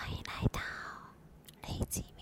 歡迎來到 LazyMiu。